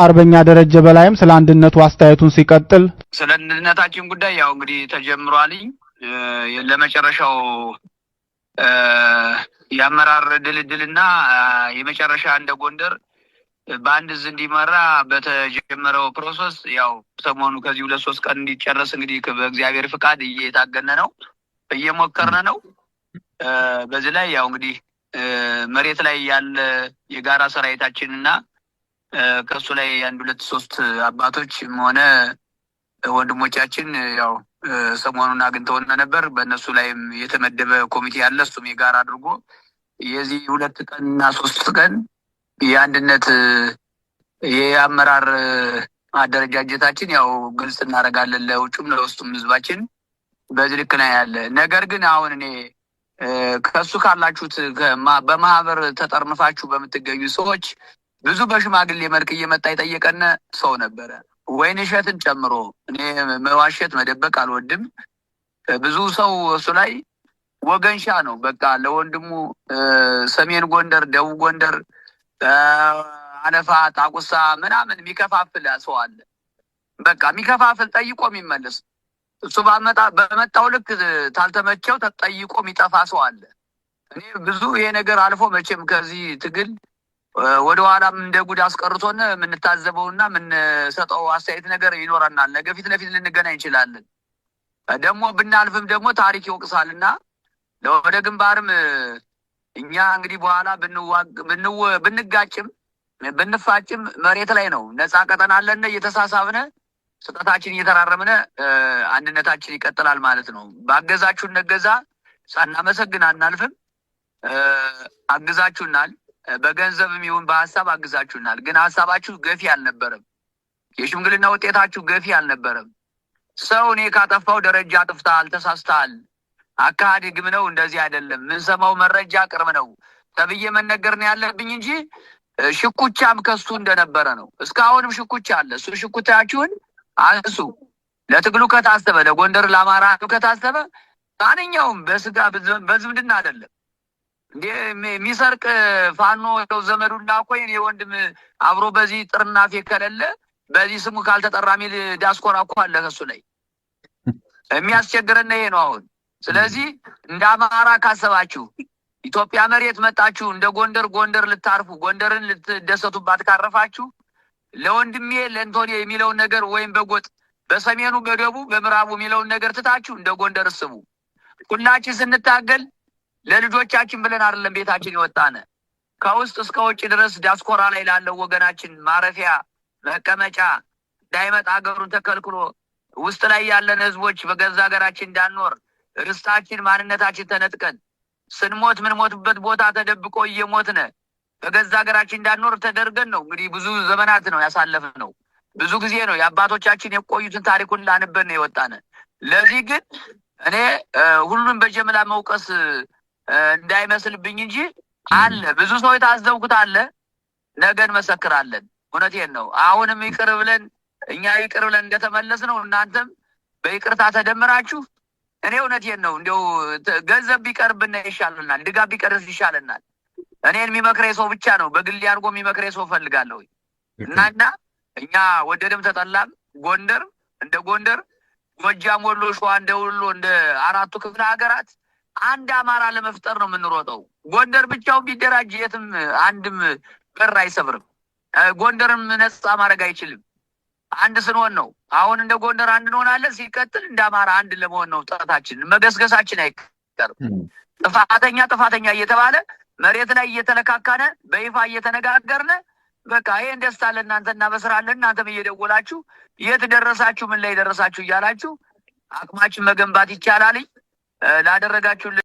አርበኛ ደረጀ በላይም ስለ አንድነቱ አስተያየቱን ሲቀጥል ስለ አንድነታችን ጉዳይ ያው እንግዲህ ተጀምሯልኝ ለመጨረሻው የአመራር ድልድልና የመጨረሻ እንደ ጎንደር በአንድ እዝ እንዲመራ በተጀመረው ፕሮሰስ ያው ሰሞኑ ከዚህ ሁለት ሶስት ቀን እንዲጨረስ እንግዲህ በእግዚአብሔር ፍቃድ እየታገነ ነው፣ እየሞከርነ ነው። በዚህ ላይ ያው እንግዲህ መሬት ላይ ያለ የጋራ ሰራዊታችንና ከሱ ላይ አንድ ሁለት ሶስት አባቶች ሆነ ወንድሞቻችን ያው ሰሞኑን አግኝተውን ነበር። በእነሱ ላይም የተመደበ ኮሚቴ አለ። እሱም የጋራ አድርጎ የዚህ ሁለት ቀን እና ሶስት ቀን የአንድነት የአመራር አደረጃጀታችን ያው ግልጽ እናደርጋለን ለውጩም ለውስጡም ህዝባችን በዚህ ልክ ነው ያለ። ነገር ግን አሁን እኔ ከእሱ ካላችሁት በማህበር ተጠርንፋችሁ በምትገኙ ሰዎች ብዙ በሽማግሌ መልክ እየመጣ የጠየቀን ሰው ነበረ። ወይን እሸትን ጨምሮ እኔ መዋሸት መደበቅ አልወድም። ብዙ ሰው እሱ ላይ ወገንሻ ነው። በቃ ለወንድሙ ሰሜን ጎንደር፣ ደቡብ ጎንደር፣ አለፋ፣ ጣቁሳ ምናምን የሚከፋፍል ሰው አለ። በቃ የሚከፋፍል ጠይቆ የሚመለስ እሱ በመጣው ልክ ታልተመቸው ተጠይቆ የሚጠፋ ሰው አለ። እኔ ብዙ ይሄ ነገር አልፎ መቼም ከዚህ ትግል ወደ ኋላም እንደ ጉድ አስቀርቶን የምንታዘበውና የምንሰጠው አስተያየት ነገር ይኖረናል። ነገ ፊት ለፊት ልንገናኝ እንችላለን። ደግሞ ብናልፍም ደግሞ ታሪክ ይወቅሳል እና ወደ ግንባርም እኛ እንግዲህ በኋላ ብንጋጭም ብንፋጭም መሬት ላይ ነው። ነፃ ቀጠና አለን። እየተሳሳብነ ስጠታችን እየተራረምነ አንድነታችን ይቀጥላል ማለት ነው። ባገዛችሁን ነገዛ ሳናመሰግን አናልፍም። አግዛችሁናል። በገንዘብም ይሁን በሀሳብ አግዛችሁናል። ግን ሀሳባችሁ ገፊ አልነበረም። የሽምግልና ውጤታችሁ ገፊ አልነበረም። ሰው እኔ ካጠፋው ደረጃ አጥፍተሃል፣ ተሳስተሃል፣ አካሄድ ግም ነው፣ እንደዚህ አይደለም፣ ምንሰማው መረጃ ቅርብ ነው ተብዬ መነገር ነው ያለብኝ እንጂ ሽኩቻም ከሱ እንደነበረ ነው። እስካሁንም ሽኩቻ አለ። እሱ ሽኩቻችሁን አንሱ። ለትግሉ ከታሰበ ለጎንደር ለአማራ ከታሰበ ማንኛውም በስጋ በዝምድና አይደለም ሚሰርቅ ፋኖ ው ዘመዱና እኮ የኔ ወንድም አብሮ በዚህ ጥርናፌ ከሌለ በዚህ ስሙ ካልተጠራ ሚል ዳስኮራ እኮ አለ ከሱ ላይ የሚያስቸግረና ይሄ ነው አሁን። ስለዚህ እንደ አማራ ካሰባችሁ ኢትዮጵያ መሬት መጣችሁ እንደ ጎንደር ጎንደር ልታርፉ ጎንደርን ልትደሰቱባት ካረፋችሁ ለወንድሜ ለእንቶኔ የሚለውን ነገር ወይም በጎጥ በሰሜኑ በደቡብ በምዕራቡ የሚለውን ነገር ትታችሁ እንደ ጎንደር ስቡ። ሁላችን ስንታገል ለልጆቻችን ብለን አይደለም ቤታችን የወጣን። ከውስጥ እስከ ውጭ ድረስ ዲያስፖራ ላይ ላለው ወገናችን ማረፊያ መቀመጫ እንዳይመጣ ሀገሩን ተከልክሎ ውስጥ ላይ ያለን ህዝቦች በገዛ ሀገራችን እንዳንኖር ርስታችን፣ ማንነታችን ተነጥቀን ስንሞት ምንሞትበት ቦታ ተደብቆ እየሞትነ በገዛ ሀገራችን እንዳንኖር ተደርገን ነው። እንግዲህ ብዙ ዘመናት ነው ያሳለፍ ነው። ብዙ ጊዜ ነው የአባቶቻችን የቆዩትን ታሪኩን ላንበን ነው የወጣነ። ለዚህ ግን እኔ ሁሉን በጀምላ መውቀስ እንዳይመስልብኝ እንጂ አለ ብዙ ሰው የታዘብኩት አለ። ነገ እንመሰክራለን። እውነቴን ነው። አሁንም ይቅር ብለን እኛ ይቅር ብለን እንደተመለስ ነው እናንተም በይቅርታ ተደምራችሁ እኔ እውነቴን ነው። እንዲው ገንዘብ ቢቀርብና ይሻልናል፣ ድጋፍ ቢቀርስ ይሻልናል። እኔን የሚመክረኝ ሰው ብቻ ነው። በግል አድርጎ የሚመክረኝ ሰው እፈልጋለሁ እናና እኛ ወደደም ተጠላም ጎንደር እንደ ጎንደር፣ ጎጃም፣ ወሎ፣ ሸዋ እንደ ወሎ እንደ አራቱ ክፍለ ሀገራት አንድ አማራ ለመፍጠር ነው የምንሮጠው። ጎንደር ብቻውን ቢደራጅ የትም አንድም በር አይሰብርም። ጎንደርም ነጻ ማድረግ አይችልም። አንድ ስንሆን ነው። አሁን እንደ ጎንደር አንድ እንሆናለን። ሲቀጥል እንደ አማራ አንድ ለመሆን ነው ጥረታችን። መገስገሳችን አይቀርም። ጥፋተኛ ጥፋተኛ እየተባለ መሬት ላይ እየተለካካነ በይፋ እየተነጋገርነ በቃ ይሄን ደስታ ለእናንተ እናበስራለን፣ እናንተም እየደወላችሁ የት ደረሳችሁ ምን ላይ ደረሳችሁ እያላችሁ አቅማችን መገንባት ይቻላል። ላደረጋችሁ